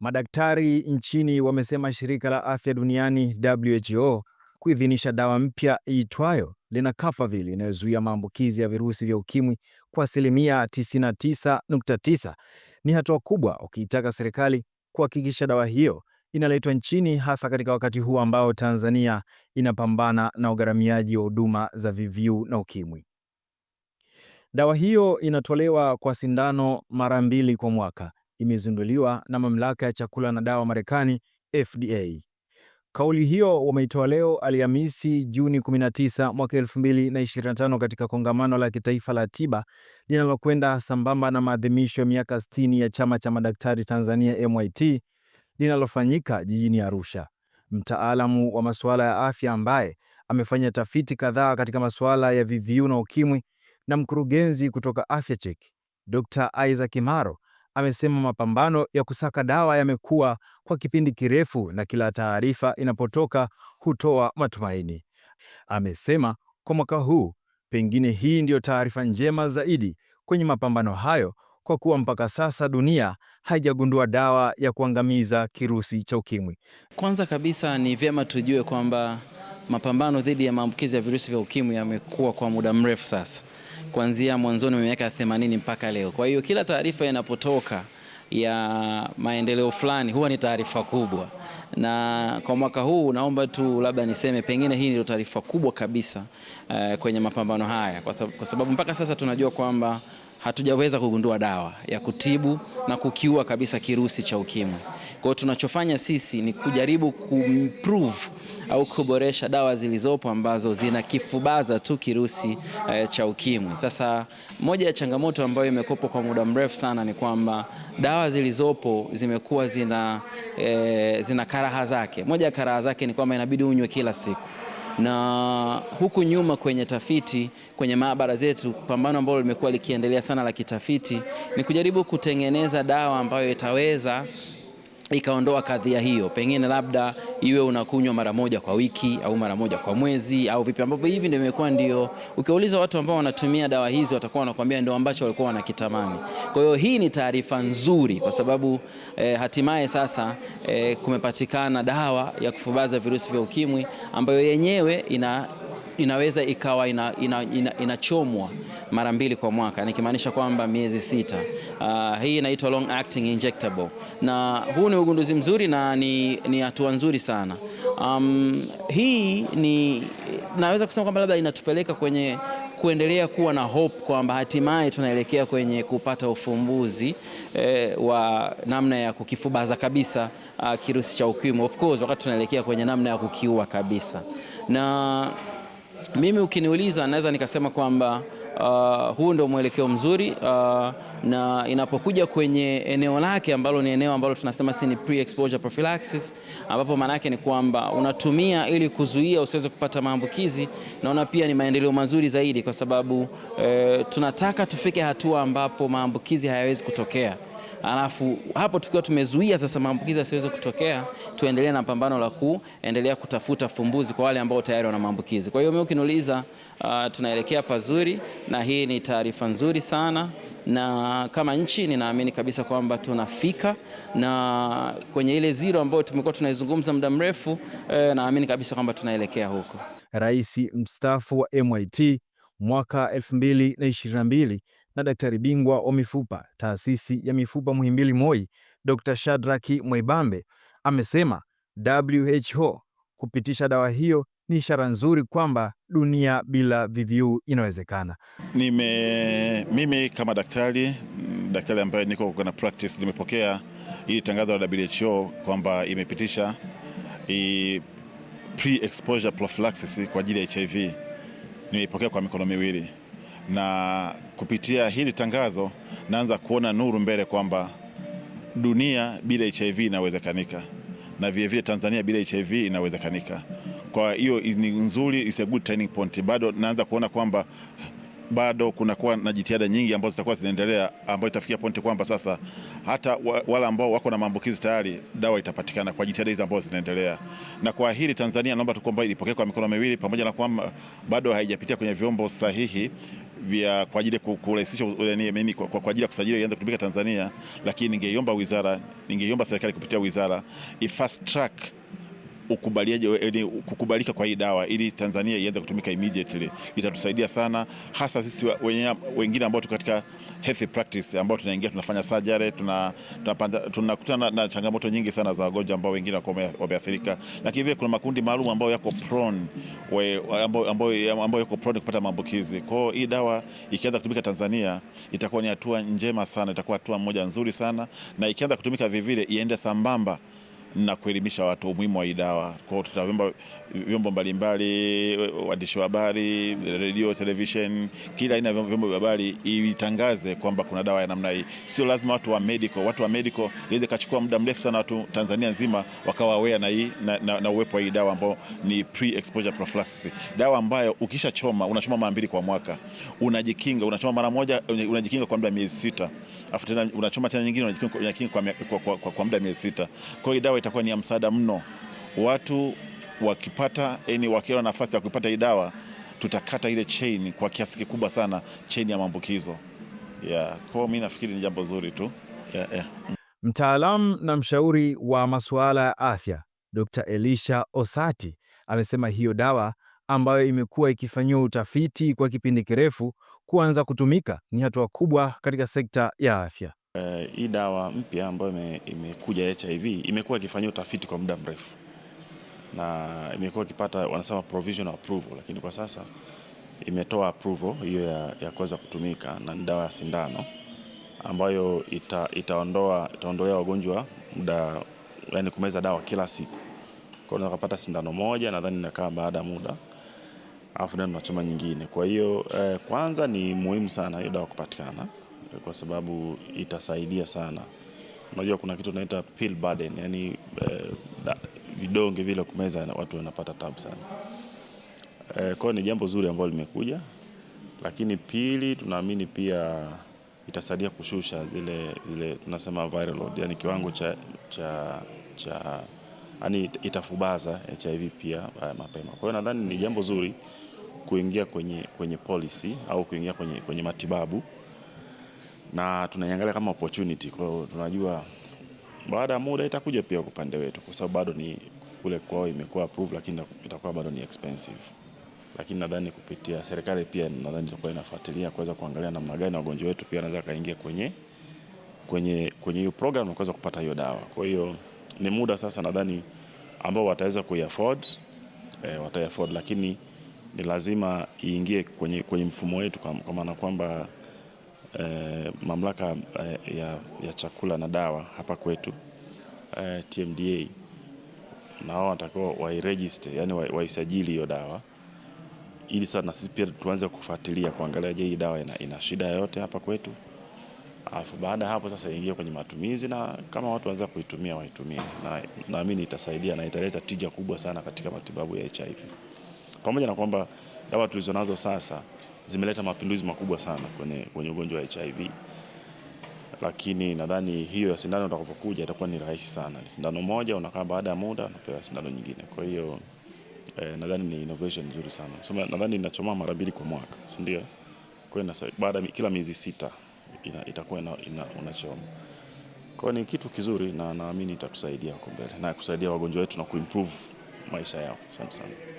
Madaktari nchini wamesema shirika la afya duniani WHO kuidhinisha dawa mpya iitwayo Lenacapavir inayozuia maambukizi ya virusi vya ukimwi kwa asilimia 99.9 ni hatua kubwa, ukiitaka serikali kuhakikisha dawa hiyo inaletwa nchini, hasa katika wakati huu ambao Tanzania inapambana na ugharamiaji wa huduma za VVU na ukimwi. Dawa hiyo inatolewa kwa sindano mara mbili kwa mwaka imezinduliwa na mamlaka ya chakula na dawa Marekani, FDA. Kauli hiyo wameitoa leo Alhamisi Juni 19 mwaka 2025 katika kongamano la kitaifa la tiba linalokwenda sambamba na maadhimisho ya miaka 60 ya chama cha madaktari Tanzania MIT linalofanyika jijini Arusha. Mtaalamu wa masuala ya afya ambaye amefanya tafiti kadhaa katika masuala ya VVU na ukimwi na mkurugenzi kutoka Afya Check, Dr. Isaac Kimaro amesema mapambano ya kusaka dawa yamekuwa kwa kipindi kirefu na kila taarifa inapotoka hutoa matumaini. Amesema kwa mwaka huu pengine hii ndiyo taarifa njema zaidi kwenye mapambano hayo kwa kuwa mpaka sasa dunia haijagundua dawa ya kuangamiza kirusi cha ukimwi. Kwanza kabisa ni vyema tujue kwamba mapambano dhidi ya maambukizi ya virusi vya ukimwi yamekuwa kwa muda mrefu sasa kuanzia mwanzoni wa miaka ya 80 mpaka leo. Kwa hiyo kila taarifa inapotoka ya maendeleo fulani huwa ni taarifa kubwa, na kwa mwaka huu naomba tu labda niseme pengine hii ndio taarifa kubwa kabisa uh, kwenye mapambano haya kwa, kwa sababu mpaka sasa tunajua kwamba hatujaweza kugundua dawa ya kutibu na kukiua kabisa kirusi cha ukimwi. Kwa hiyo tunachofanya sisi ni kujaribu kumprove au kuboresha dawa zilizopo ambazo zinakifubaza tu kirusi eh, cha ukimwi. Sasa moja ya changamoto ambayo imekopo kwa muda mrefu sana ni kwamba dawa zilizopo zimekuwa zina, eh, zina karaha zake. Moja ya karaha zake ni kwamba inabidi unywe kila siku na huku nyuma kwenye tafiti kwenye maabara zetu, pambano ambalo limekuwa likiendelea sana la kitafiti ni kujaribu kutengeneza dawa ambayo itaweza ikaondoa kadhia hiyo, pengine labda iwe unakunywa mara moja kwa wiki au mara moja kwa mwezi au vipi, ambavyo hivi ndio imekuwa ndio. ukiuliza watu ambao wanatumia dawa hizi watakuwa wanakuambia ndio ambacho walikuwa wanakitamani. Kwa hiyo hii ni taarifa nzuri, kwa sababu eh, hatimaye sasa eh, kumepatikana dawa ya kufubaza virusi vya ukimwi ambayo yenyewe ina inaweza ikawa inachomwa ina, ina, ina mara mbili kwa mwaka, nikimaanisha kwamba miezi sita. Uh, hii inaitwa long acting injectable, na huu ni ugunduzi mzuri na ni, ni hatua nzuri sana. Um, hii ni naweza kusema kwamba labda inatupeleka kwenye kuendelea kuwa na hope kwamba hatimaye tunaelekea kwenye kupata ufumbuzi eh, wa namna ya kukifubaza kabisa uh, kirusi cha UKIMWI. Of course wakati tunaelekea kwenye namna ya kukiua kabisa na mimi ukiniuliza, naweza nikasema kwamba uh, huu ndio mwelekeo mzuri uh, na inapokuja kwenye eneo lake ambalo ni eneo ambalo tunasema si ni pre-exposure prophylaxis, ambapo maana yake ni kwamba unatumia ili kuzuia usiweze kupata maambukizi. Naona pia ni maendeleo mazuri zaidi, kwa sababu eh, tunataka tufike hatua ambapo maambukizi hayawezi kutokea alafu hapo tukiwa tumezuia sasa maambukizi yasiweze kutokea, tuendelee na pambano la kuendelea kutafuta fumbuzi kwa wale ambao tayari wana maambukizi. Kwa hiyo mimi ukiniuliza, uh, tunaelekea pazuri na hii ni taarifa nzuri sana, na kama nchi ninaamini kabisa kwamba tunafika na kwenye ile zero ambayo tumekuwa tunaizungumza muda mrefu eh, naamini kabisa kwamba tunaelekea huko. Rais mstaafu wa MIT mwaka 2022 na daktari bingwa wa mifupa taasisi ya mifupa Muhimbili MOI, Dr. shadraki Mwaibambe amesema WHO kupitisha dawa hiyo ni ishara nzuri kwamba dunia bila VVU inawezekana. Nime, mimi kama daktari daktari ambaye niko na practice nimepokea hili tangazo la WHO kwamba imepitisha pre-exposure prophylaxis kwa ajili ya HIV. Nimeipokea kwa mikono miwili na kupitia hili tangazo naanza kuona nuru mbele kwamba dunia bila HIV inawezekanika na vilevile Tanzania bila HIV inawezekanika. Kwa hiyo ni nzuri, is a good turning point. Bado naanza kuona kwamba bado kunakuwa na jitihada nyingi ambazo zitakuwa zinaendelea ambayo itafikia pointi kwamba sasa hata wale ambao wako na maambukizi tayari dawa itapatikana kwa jitihada hizi ambazo zinaendelea. Na kwa hili Tanzania naomba tu kwamba ilipokee kwa mikono miwili, pamoja na kwamba bado haijapitia kwenye vyombo sahihi vya kwa ajili ya kurahisisha kwa ajili ya kusajili ianze kutumika Tanzania, lakini ningeiomba wizara, ningeiomba serikali kupitia wizara ifast track ukubaliaje, kukubalika kwa hii dawa ili Tanzania ianze kutumika immediately. Itatusaidia sana hasa sisi wengine ambao tuko katika health practice ambao tunaingia tunafanya surgery, tunakutana tuna, tuna na changamoto nyingi sana za wagonjwa ambao wengine wako wameathirika, lakini vile kuna makundi maalum ambao yako prone ambao yako prone kupata maambukizi. Kwa hiyo hii dawa ikianza kutumika Tanzania itakuwa ni hatua njema sana, itakuwa hatua moja nzuri sana, na ikianza kutumika vivile iende sambamba na kuelimisha watu umuhimu wa hii dawa. Kwa hiyo tutaomba vyombo mbalimbali, waandishi wa habari, redio, television, kila aina ya vyombo vya habari itangaze kwamba kuna dawa ya namna hii. Sio lazima watu wa medical, watu wa medical iweze kachukua muda mrefu sana watu Tanzania nzima wakawa aware na hii na, na, na uwepo wa hii dawa ambayo ni pre exposure prophylaxis. Dawa ambayo ukisha choma unachoma mara mbili kwa mwaka. Unajikinga, unachoma mara moja unajikinga kwa muda wa miezi sita. Afu tena unachoma tena nyingine unajikinga kwa, kwa, kwa, kwa, kwa, kwa muda miezi sita. Kwa hiyo dawa dawa itakuwa ni ya msaada mno. Watu wakipata yani, wakiona nafasi ya kupata hii dawa, tutakata ile chain kwa kiasi kikubwa sana, chain ya maambukizo yeah. Kwa mi nafikiri ni jambo zuri tu yeah, yeah. Mtaalamu na mshauri wa masuala ya afya Dr. Elisha Osati amesema hiyo dawa ambayo imekuwa ikifanyiwa utafiti kwa kipindi kirefu kuanza kutumika ni hatua kubwa katika sekta ya afya. Eh, hii uh, dawa mpya ambayo imekuja HIV imekuwa ikifanyia utafiti kwa muda mrefu na imekuwa ikipata wanasema provisional approval, lakini kwa sasa imetoa approval hiyo ya, ya kuweza kutumika na ni dawa ya sindano ambayo ita, itaondoa itaondolea wagonjwa muda, yani kumeza dawa kila siku. Kwa hiyo unapata sindano moja nadhani inakaa baada ya muda afu ndio tunachoma nyingine. Kwa hiyo eh, kwanza ni muhimu sana hiyo dawa kupatikana kwa sababu itasaidia sana. Unajua kuna kitu tunaita pill burden, yani eh, vidonge vile kumeza watu wanapata tabu sana. Eh, kwa ni jambo zuri ambalo limekuja, lakini pili tunaamini pia itasaidia kushusha zile zile tunasema viral load, yani kiwango cha cha cha yani itafubaza HIV pia eh, mapema. Kwa hiyo nadhani ni jambo zuri kuingia kwenye, kwenye policy au kuingia kwenye, kwenye matibabu na tunaiangalia kama opportunity. Kwa hiyo tunajua baada ya muda itakuja pia kwa upande wetu, kwa sababu bado ni kule kwao imekuwa approved, lakini itakuwa bado ni expensive, lakini nadhani kupitia serikali pia nadhani itakuwa inafuatilia kuweza kuangalia namna gani wagonjwa wetu pia anaweza kaingia kwenye kwenye kwenye hiyo program na kuweza kupata hiyo dawa. Kwa hiyo ni muda sasa nadhani ambao wataweza kuiafford eh, wataiafford, lakini ni lazima iingie kwenye, kwenye mfumo wetu kwa maana kwamba kwa eh, mamlaka eh, ya, ya chakula na dawa hapa kwetu eh, TMDA na wao watakiwa wairegister, yani waisajili hiyo dawa ili sasa na sisi pia tuanze kufuatilia kuangalia, je, hii dawa ina, ina shida yoyote hapa kwetu, alafu baada ya hapo sasa ingie kwenye matumizi, na kama watu wanaanza kuitumia waitumie, na naamini itasaidia na italeta tija kubwa sana katika matibabu ya HIV, pamoja na kwamba dawa tulizonazo sasa zimeleta mapinduzi makubwa sana kwenye, kwenye ugonjwa wa HIV, lakini nadhani hiyo ya sindano utakapokuja itakuwa ni rahisi sana. Sindano moja unakaa, baada ya muda unapewa sindano nyingine. Kwa hiyo eh, nadhani ni innovation nzuri sana. So, nadhani inachoma mara mbili kwa mwaka, si ndio? Kwa baada kila miezi sita ina, itakuwa ina, ina, unachoma kwa ni kitu kizuri na naamini itatusaidia huko mbele na kusaidia wagonjwa wetu na kuimprove maisha yao. Asante sana.